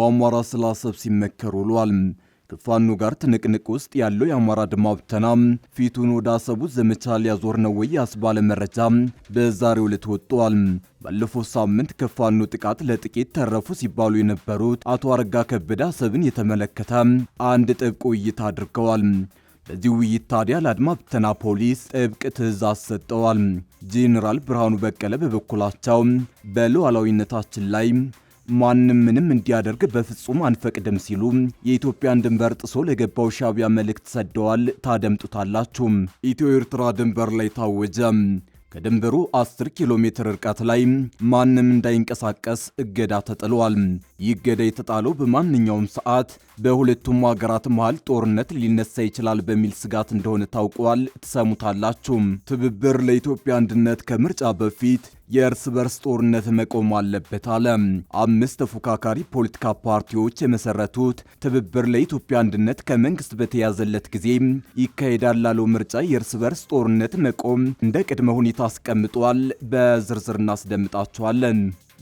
በአማራ ስለ ሲመከር ሲመከሩ ውሏል። ከፋኖ ጋር ትንቅንቅ ውስጥ ያለው የአማራ ድማ ብተና ፊቱን ወደ አሰቡ ዘመቻ ሊያዞር ነው ወይ ያስባለ መረጃ በዛሬው ዕለት ወጥቷል። ባለፈው ሳምንት ከፋኖ ጥቃት ለጥቂት ተረፉ ሲባሉ የነበሩት አቶ አረጋ ከበደ አሰብን የተመለከተ አንድ ጥብቅ ውይይት አድርገዋል። በዚህ ውይይት ታዲያ ለአድማ ብተና ፖሊስ ጥብቅ ትዕዛዝ ሰጠዋል። ጄኔራል ብርሃኑ በቀለ በበኩላቸው በሉዓላዊነታችን ላይ ማንም ምንም እንዲያደርግ በፍጹም አንፈቅድም ሲሉ የኢትዮጵያን ድንበር ጥሶ ለገባው ሻቢያ መልእክት ሰደዋል። ታደምጡታላችሁ። ኢትዮ ኤርትራ ድንበር ላይ ታወጀ። ከድንበሩ 10 ኪሎ ሜትር ርቀት ላይ ማንም እንዳይንቀሳቀስ እገዳ ተጥሏል። ይገዳ የተጣለው በማንኛውም ሰዓት በሁለቱም ሀገራት መሃል ጦርነት ሊነሳ ይችላል በሚል ስጋት እንደሆነ ታውቋል። ትሰሙታላችሁም። ትብብር ለኢትዮጵያ አንድነት ከምርጫ በፊት የእርስ በርስ ጦርነት መቆም አለበት አለ። አምስት ተፎካካሪ ፖለቲካ ፓርቲዎች የመሰረቱት ትብብር ለኢትዮጵያ አንድነት ከመንግስት በተያዘለት ጊዜ ይካሄዳል ላለው ምርጫ የእርስ በርስ ጦርነት መቆም እንደ ቅድመ ሁኔታ አስቀምጧል። በዝርዝር እናስደምጣቸዋለን።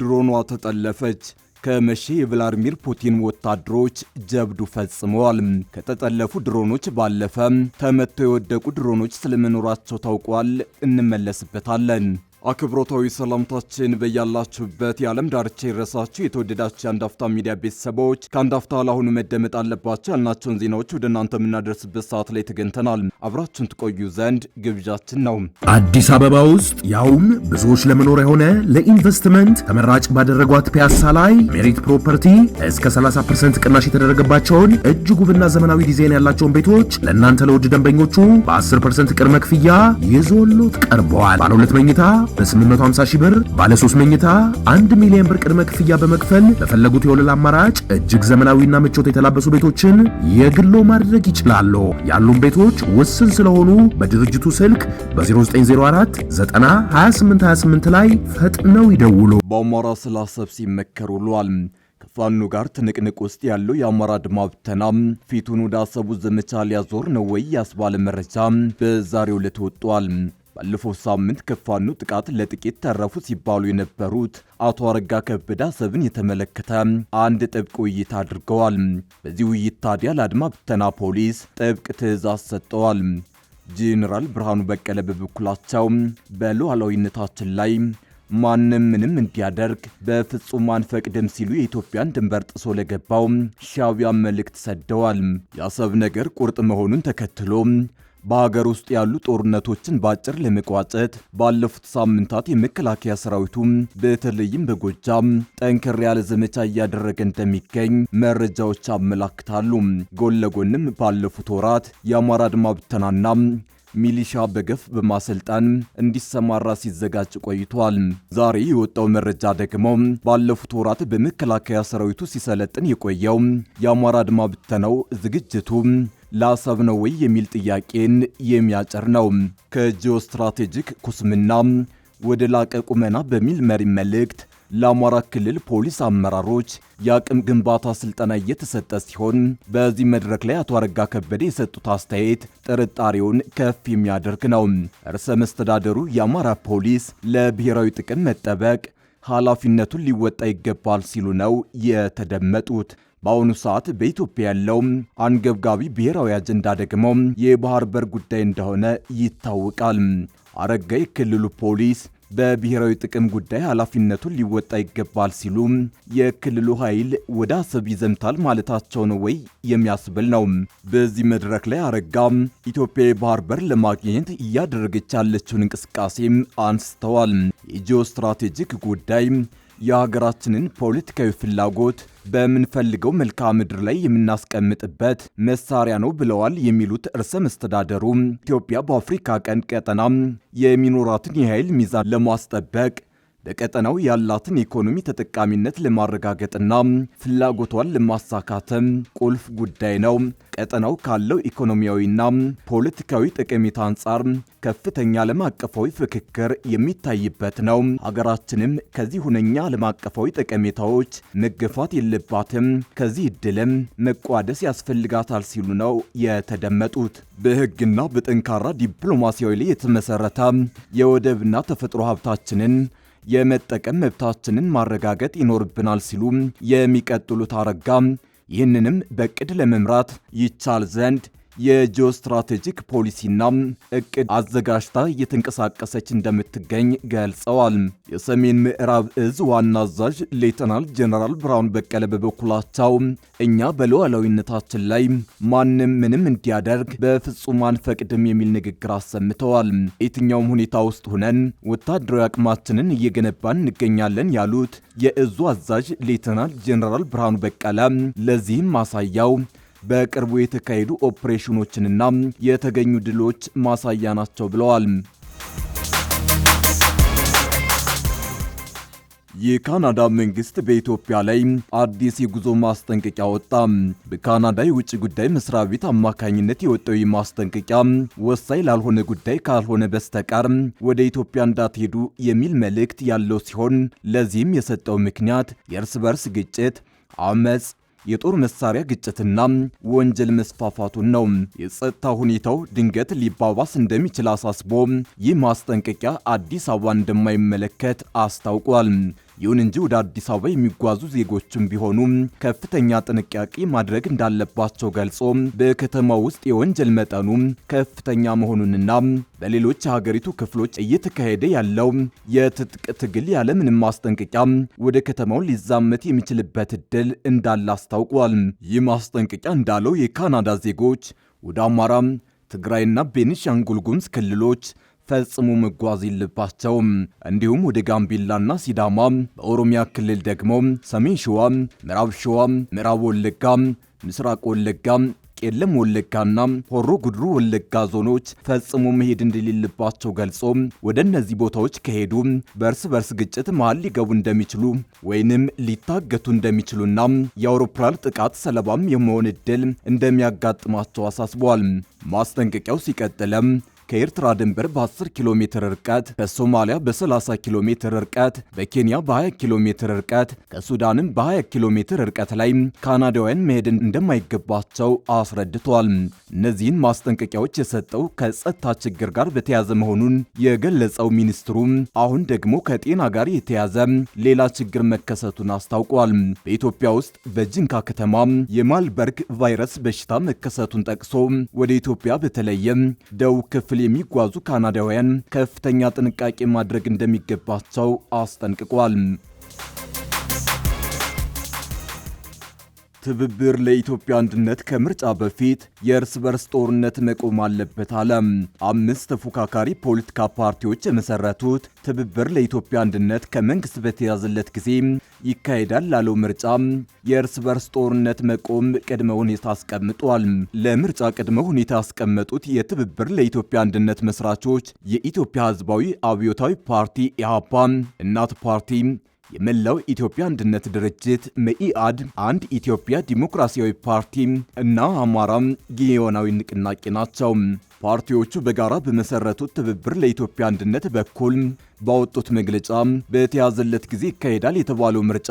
ድሮኗ ተጠለፈች። ከመቼ የቭላዲሚር ፑቲን ወታደሮች ጀብዱ ፈጽመዋል። ከተጠለፉ ድሮኖች ባለፈ ተመተው የወደቁ ድሮኖች ስለመኖራቸው ታውቋል። እንመለስበታለን። አክብሮታዊ ሰላምታችን በያላችሁበት የዓለም ዳርቻ ይድረሳችሁ። የተወደዳችሁ የአንዳፍታ ሚዲያ ቤተሰቦች ከአንድ አፍታ ለአሁኑ መደመጥ አለባቸው ያልናቸውን ዜናዎች ወደ እናንተ የምናደርስበት ሰዓት ላይ ተገኝተናል። አብራችሁን ትቆዩ ዘንድ ግብዣችን ነው። አዲስ አበባ ውስጥ ያውም ብዙዎች ለመኖር የሆነ ለኢንቨስትመንት ተመራጭ ባደረጓት ፒያሳ ላይ ሜሪት ፕሮፐርቲ እስከ 30% ቅናሽ የተደረገባቸውን እጅግ ውብና ዘመናዊ ዲዛይን ያላቸውን ቤቶች ለእናንተ ለውድ ደንበኞቹ በ10% ቅድመ ክፍያ ይዞሎት ቀርበዋል። ባለ ሁለት መኝታ በ850 ሺህ ብር ባለ 3 መኝታ 1 ሚሊዮን ብር ቅድመ ክፍያ በመክፈል በፈለጉት የወለል አማራጭ እጅግ ዘመናዊና ምቾት የተላበሱ ቤቶችን የግሎ ማድረግ ይችላሉ። ያሉን ቤቶች ውስን ስለሆኑ በድርጅቱ ስልክ በ0904 90 28 28 ላይ ፈጥነው ይደውሉ። በአማራ ስለ አሰብ ሲመከር ውሏል። ከፋኖ ጋር ትንቅንቅ ውስጥ ያለው የአማራ ድማብተና ፊቱን ወደ አሰቡ ዘመቻ ሊያዞር ነው ወይ ያስባለ መረጃ በዛሬው ዕለት ወጥቷል። ባለፈው ሳምንት ከፋኖ ጥቃት ለጥቂት ተረፉ ሲባሉ የነበሩት አቶ አረጋ ከበደ አሰብን የተመለከተ አንድ ጥብቅ ውይይት አድርገዋል። በዚህ ውይይት ታዲያ ለአድማ ብተና ፖሊስ ጥብቅ ትዕዛዝ ሰጥተዋል። ጄኔራል ብርሃኑ በቀለ በበኩላቸው በሉዓላዊነታችን ላይ ማንም ምንም እንዲያደርግ በፍጹም አንፈቅድም ሲሉ የኢትዮጵያን ድንበር ጥሶ ለገባው ሻቢያ መልእክት ሰደዋል። የአሰብ ነገር ቁርጥ መሆኑን ተከትሎ በሀገር ውስጥ ያሉ ጦርነቶችን በአጭር ለመቋጨት ባለፉት ሳምንታት የመከላከያ ሰራዊቱም በተለይም በጎጃም ጠንከር ያለ ዘመቻ እያደረገ እንደሚገኝ መረጃዎች አመላክታሉ። ጎን ለጎንም ባለፉት ወራት የአማራ አድማ ብተናና ሚሊሻ በገፍ በማሰልጠን እንዲሰማራ ሲዘጋጅ ቆይቷል። ዛሬ የወጣው መረጃ ደግሞ ባለፉት ወራት በመከላከያ ሰራዊቱ ሲሰለጥን የቆየው የአማራ አድማ ብተናው ዝግጅቱ ላሰብ ነው ወይ የሚል ጥያቄን የሚያጭር ነው። ከጂኦ ስትራቴጂክ ኩስምና ወደ ላቀ ቁመና በሚል መሪ መልእክት ለአማራ ክልል ፖሊስ አመራሮች የአቅም ግንባታ ስልጠና እየተሰጠ ሲሆን በዚህ መድረክ ላይ አቶ አረጋ ከበደ የሰጡት አስተያየት ጥርጣሬውን ከፍ የሚያደርግ ነው። ርዕሰ መስተዳደሩ የአማራ ፖሊስ ለብሔራዊ ጥቅም መጠበቅ ኃላፊነቱን ሊወጣ ይገባል ሲሉ ነው የተደመጡት። በአሁኑ ሰዓት በኢትዮጵያ ያለው አንገብጋቢ ብሔራዊ አጀንዳ ደግሞ የባህር በር ጉዳይ እንደሆነ ይታወቃል። አረጋ የክልሉ ፖሊስ በብሔራዊ ጥቅም ጉዳይ ኃላፊነቱን ሊወጣ ይገባል ሲሉ የክልሉ ኃይል ወደ አሰብ ይዘምታል ማለታቸው ነው ወይ የሚያስብል ነው። በዚህ መድረክ ላይ አረጋ ኢትዮጵያ የባህር በር ለማግኘት እያደረገች ያለችውን እንቅስቃሴ አንስተዋል። የጂኦ ስትራቴጂክ ጉዳይ የሀገራችንን ፖለቲካዊ ፍላጎት በምንፈልገው መልክዓ ምድር ላይ የምናስቀምጥበት መሳሪያ ነው ብለዋል የሚሉት ርዕሰ መስተዳደሩ ኢትዮጵያ በአፍሪካ ቀንድ ቀጠና የሚኖራትን የኃይል ሚዛን ለማስጠበቅ በቀጠናው ያላትን ኢኮኖሚ ተጠቃሚነት ለማረጋገጥና ፍላጎቷን ለማሳካትም ቁልፍ ጉዳይ ነው። ቀጠናው ካለው ኢኮኖሚያዊና ፖለቲካዊ ጠቀሜታ አንጻር ከፍተኛ ዓለም አቀፋዊ ፍክክር የሚታይበት ነው። ሀገራችንም ከዚህ ሁነኛ ዓለም አቀፋዊ ጠቀሜታዎች መገፋት የለባትም፣ ከዚህ እድልም መቋደስ ያስፈልጋታል ሲሉ ነው የተደመጡት። በሕግና በጠንካራ ዲፕሎማሲያዊ ላይ የተመሰረተ የወደብና ተፈጥሮ ሀብታችንን የመጠቀም መብታችንን ማረጋገጥ ይኖርብናል ሲሉ የሚቀጥሉት አረጋ ይህንንም በቅድ ለመምራት ይቻል ዘንድ የጂኦስትራቴጂክ ፖሊሲና እቅድ አዘጋጅታ እየተንቀሳቀሰች እንደምትገኝ ገልጸዋል። የሰሜን ምዕራብ እዝ ዋና አዛዥ ሌተናል ጀነራል ብርሃኑ በቀለ በበኩላቸው እኛ በሉዓላዊነታችን ላይ ማንም ምንም እንዲያደርግ በፍጹም አንፈቅድም የሚል ንግግር አሰምተዋል። የትኛውም ሁኔታ ውስጥ ሁነን ወታደራዊ አቅማችንን እየገነባን እንገኛለን ያሉት የእዙ አዛዥ ሌተናል ጀነራል ብርሃኑ በቀለ ለዚህም ማሳያው በቅርቡ የተካሄዱ ኦፕሬሽኖችንና የተገኙ ድሎች ማሳያ ናቸው ብለዋል። የካናዳ መንግስት በኢትዮጵያ ላይ አዲስ የጉዞ ማስጠንቀቂያ ወጣ። በካናዳ የውጭ ጉዳይ መስሪያ ቤት አማካኝነት የወጣው ማስጠንቀቂያ ወሳኝ ላልሆነ ጉዳይ ካልሆነ በስተቀር ወደ ኢትዮጵያ እንዳትሄዱ የሚል መልእክት ያለው ሲሆን ለዚህም የሰጠው ምክንያት የእርስ በርስ ግጭት፣ አመፅ፣ የጦር መሳሪያ ግጭትና ወንጀል መስፋፋቱን ነው። የጸጥታ ሁኔታው ድንገት ሊባባስ እንደሚችል አሳስቦ ይህ ማስጠንቀቂያ አዲስ አበባ እንደማይመለከት አስታውቋል። ይሁን እንጂ ወደ አዲስ አበባ የሚጓዙ ዜጎችም ቢሆኑ ከፍተኛ ጥንቃቄ ማድረግ እንዳለባቸው ገልጾ በከተማው ውስጥ የወንጀል መጠኑ ከፍተኛ መሆኑንና በሌሎች የሀገሪቱ ክፍሎች እየተካሄደ ያለው የትጥቅ ትግል ያለምንም ማስጠንቀቂያ ወደ ከተማው ሊዛመት የሚችልበት እድል እንዳለ አስታውቋል። ይህ ማስጠንቀቂያ እንዳለው የካናዳ ዜጎች ወደ አማራ፣ ትግራይና ቤኒሻንጉል ጉሙዝ ክልሎች ፈጽሞ መጓዝ የለባቸው። እንዲሁም ወደ ጋምቤላና ሲዳማ፣ በኦሮሚያ ክልል ደግሞ ሰሜን ሸዋ፣ ምዕራብ ሸዋ፣ ምዕራብ ወለጋ፣ ምስራቅ ወለጋ ቄለም ወለጋና ሆሮ ጉድሩ ወለጋ ዞኖች ፈጽሞ መሄድ እንደሌለባቸው ገልጾ ወደ እነዚህ ቦታዎች ከሄዱ በእርስ በርስ ግጭት መሃል ሊገቡ እንደሚችሉ ወይንም ሊታገቱ እንደሚችሉና የአውሮፕላን ጥቃት ሰለባም የመሆን እድል እንደሚያጋጥማቸው አሳስቧል። ማስጠንቀቂያው ሲቀጥለም ከኤርትራ ድንበር በ10 ኪሎ ሜትር ርቀት፣ በሶማሊያ በ30 ኪሎ ሜትር ርቀት፣ በኬንያ በ20 ኪሎ ሜትር ርቀት፣ ከሱዳንም በ20 ኪሎ ሜትር ርቀት ላይ ካናዳውያን መሄድ እንደማይገባቸው አስረድቷል። እነዚህን ማስጠንቀቂያዎች የሰጠው ከጸጥታ ችግር ጋር በተያያዘ መሆኑን የገለጸው ሚኒስትሩ አሁን ደግሞ ከጤና ጋር የተያዘ ሌላ ችግር መከሰቱን አስታውቋል። በኢትዮጵያ ውስጥ በጂንካ ከተማ የማልበርግ ቫይረስ በሽታ መከሰቱን ጠቅሶ ወደ ኢትዮጵያ በተለየ ደቡብ ክፍል የሚጓዙ ካናዳውያን ከፍተኛ ጥንቃቄ ማድረግ እንደሚገባቸው አስጠንቅቋል። ትብብር ለኢትዮጵያ አንድነት ከምርጫ በፊት የእርስ በርስ ጦርነት መቆም አለበት አለ። አምስት ተፎካካሪ ፖለቲካ ፓርቲዎች የመሰረቱት ትብብር ለኢትዮጵያ አንድነት ከመንግስት በተያዘለት ጊዜ ይካሄዳል ላለው ምርጫ የእርስ በርስ ጦርነት መቆም ቅድመ ሁኔታ አስቀምጧል። ለምርጫ ቅድመ ሁኔታ ያስቀመጡት የትብብር ለኢትዮጵያ አንድነት መስራቾች የኢትዮጵያ ሕዝባዊ አብዮታዊ ፓርቲ ኢሃፓ፣ እናት ፓርቲ የመላው ኢትዮጵያ አንድነት ድርጅት መኢአድ፣ አንድ ኢትዮጵያ ዲሞክራሲያዊ ፓርቲ እና አማራ ጊዮናዊ ንቅናቄ ናቸው። ፓርቲዎቹ በጋራ በመሰረቱት ትብብር ለኢትዮጵያ አንድነት በኩል ባወጡት መግለጫ በተያዘለት ጊዜ ይካሄዳል የተባለው ምርጫ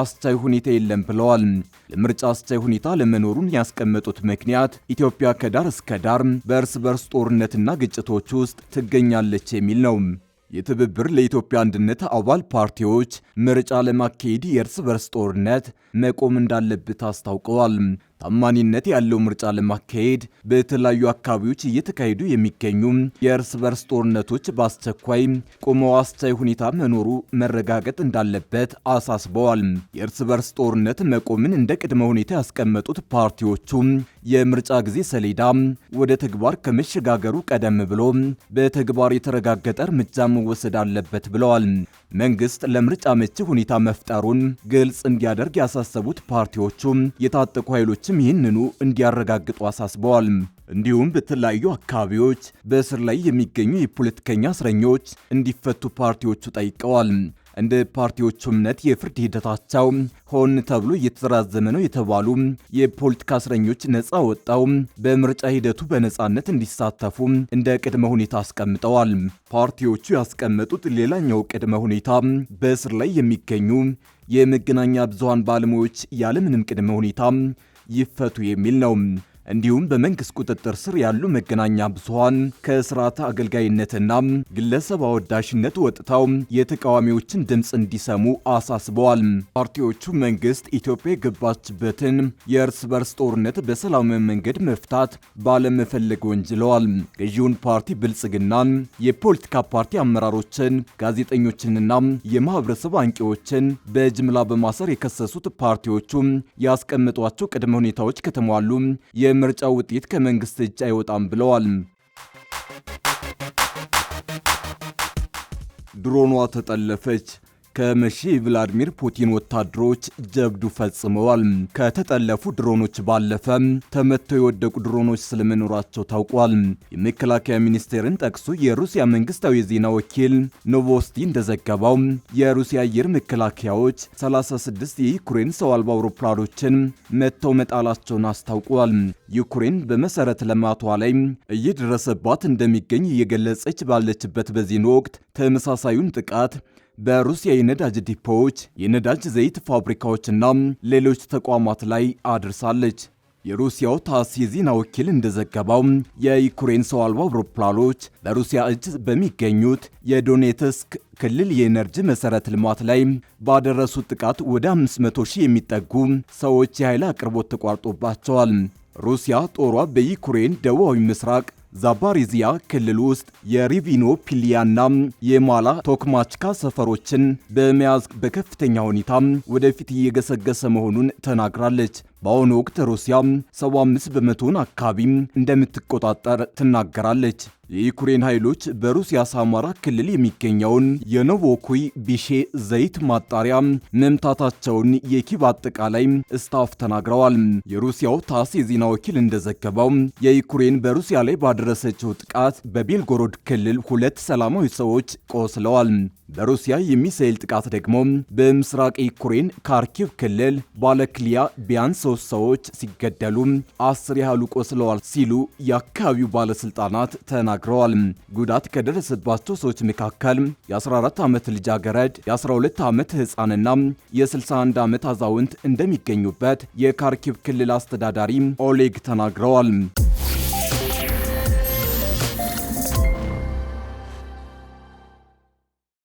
አስቻይ ሁኔታ የለም ብለዋል። ለምርጫ አስቻይ ሁኔታ ለመኖሩን ያስቀመጡት ምክንያት ኢትዮጵያ ከዳር እስከ ዳር በእርስ በርስ ጦርነትና ግጭቶች ውስጥ ትገኛለች የሚል ነው። የትብብር ለኢትዮጵያ አንድነት አባል ፓርቲዎች ምርጫ ለማካሄድ የእርስ በርስ ጦርነት መቆም እንዳለበት አስታውቀዋል። ታማኒነት ያለው ምርጫ ለማካሄድ በተለያዩ አካባቢዎች እየተካሄዱ የሚገኙ የእርስ በርስ ጦርነቶች በአስቸኳይ ቆመው አስቻይ ሁኔታ መኖሩ መረጋገጥ እንዳለበት አሳስበዋል። የእርስ በርስ ጦርነት መቆምን እንደ ቅድመ ሁኔታ ያስቀመጡት ፓርቲዎቹ የምርጫ ጊዜ ሰሌዳ ወደ ተግባር ከመሸጋገሩ ቀደም ብሎ በተግባር የተረጋገጠ እርምጃ መወሰድ አለበት ብለዋል። መንግስት ለምርጫ ምቹ ሁኔታ መፍጠሩን ግልጽ እንዲያደርግ ያሳሰቡት ፓርቲዎቹም የታጠቁ ኃይሎችም ይህንኑ እንዲያረጋግጡ አሳስበዋል። እንዲሁም በተለያዩ አካባቢዎች በእስር ላይ የሚገኙ የፖለቲከኛ እስረኞች እንዲፈቱ ፓርቲዎቹ ጠይቀዋል። እንደ ፓርቲዎቹ እምነት የፍርድ ሂደታቸው ሆን ተብሎ እየተራዘመ ነው የተባሉ የፖለቲካ እስረኞች ነጻ ወጣው በምርጫ ሂደቱ በነጻነት እንዲሳተፉ እንደ ቅድመ ሁኔታ አስቀምጠዋል። ፓርቲዎቹ ያስቀመጡት ሌላኛው ቅድመ ሁኔታ በእስር ላይ የሚገኙ የመገናኛ ብዙሃን ባለሙያዎች ያለምንም ቅድመ ሁኔታ ይፈቱ የሚል ነው። እንዲሁም በመንግስት ቁጥጥር ስር ያሉ መገናኛ ብዙሃን ከስርዓት አገልጋይነትና ግለሰብ አወዳሽነት ወጥተው የተቃዋሚዎችን ድምፅ እንዲሰሙ አሳስበዋል። ፓርቲዎቹ መንግስት ኢትዮጵያ የገባችበትን የእርስ በርስ ጦርነት በሰላማዊ መንገድ መፍታት ባለመፈለግ ወንጅለዋል። ገዢውን ፓርቲ ብልጽግናን፣ የፖለቲካ ፓርቲ አመራሮችን፣ ጋዜጠኞችንና የማህበረሰብ አንቂዎችን በጅምላ በማሰር የከሰሱት ፓርቲዎቹ ያስቀመጧቸው ቅድመ ሁኔታዎች ከተሟሉ የምርጫ ውጤት ከመንግስት እጅ አይወጣም ብለዋል። ድሮኗ ተጠለፈች። ከመሺ የቭላዲሚር ፑቲን ወታደሮች ጀብዱ ፈጽመዋል። ከተጠለፉ ድሮኖች ባለፈ ተመተው የወደቁ ድሮኖች ስለመኖራቸው ታውቋል። የመከላከያ ሚኒስቴርን ጠቅሶ የሩሲያ መንግስታዊ የዜና ወኪል ኖቮስቲ እንደዘገባው የሩሲያ አየር መከላከያዎች 36 የዩክሬን ሰው አልባ አውሮፕላኖችን መጥተው መጣላቸውን አስታውቋል። ዩክሬን በመሰረተ ልማቷ ላይ እየደረሰባት እንደሚገኝ እየገለጸች ባለችበት በዚህን ወቅት ተመሳሳዩን ጥቃት በሩሲያ የነዳጅ ዲፖዎች፣ የነዳጅ ዘይት ፋብሪካዎችና ሌሎች ተቋማት ላይ አድርሳለች። የሩሲያው ታስ የዜና ወኪል እንደዘገባው የዩክሬን ሰው አልባ አውሮፕላኖች በሩሲያ እጅ በሚገኙት የዶኔትስክ ክልል የኤነርጂ መሠረተ ልማት ላይ ባደረሱት ጥቃት ወደ 500 ሺህ የሚጠጉ ሰዎች የኃይል አቅርቦት ተቋርጦባቸዋል። ሩሲያ ጦሯ በዩክሬን ደቡባዊ ምስራቅ ዛፓሪዚያ ክልል ውስጥ የሪቪኖ ፒሊያና የማላ ቶክማችካ ሰፈሮችን በመያዝ በከፍተኛ ሁኔታ ወደፊት እየገሰገሰ መሆኑን ተናግራለች። በአሁኑ ወቅት ሩሲያ 75 በመቶን አካባቢ እንደምትቆጣጠር ትናገራለች። የዩክሬን ኃይሎች በሩሲያ ሳማራ ክልል የሚገኘውን የኖቮኩይ ቢሼ ዘይት ማጣሪያ መምታታቸውን የኪቭ አጠቃላይ ስታፍ ተናግረዋል። የሩሲያው ታስ የዜና ወኪል እንደዘገበው የዩክሬን በሩሲያ ላይ ባደረሰችው ጥቃት በቤልጎሮድ ክልል ሁለት ሰላማዊ ሰዎች ቆስለዋል። በሩሲያ የሚሳኤል ጥቃት ደግሞ በምስራቅ ዩክሬን ካርኪቭ ክልል ባለክሊያ ቢያንስ ሶስት ሰዎች ሲገደሉ አስር ያህሉ ቆስለዋል ሲሉ የአካባቢው ባለስልጣናት ተናግረዋል። ጉዳት ከደረሰባቸው ሰዎች መካከል የ14 ዓመት ልጃገረድ፣ የ12 ዓመት ሕፃንና የ61 ዓመት አዛውንት እንደሚገኙበት የካርኪቭ ክልል አስተዳዳሪ ኦሌግ ተናግረዋል።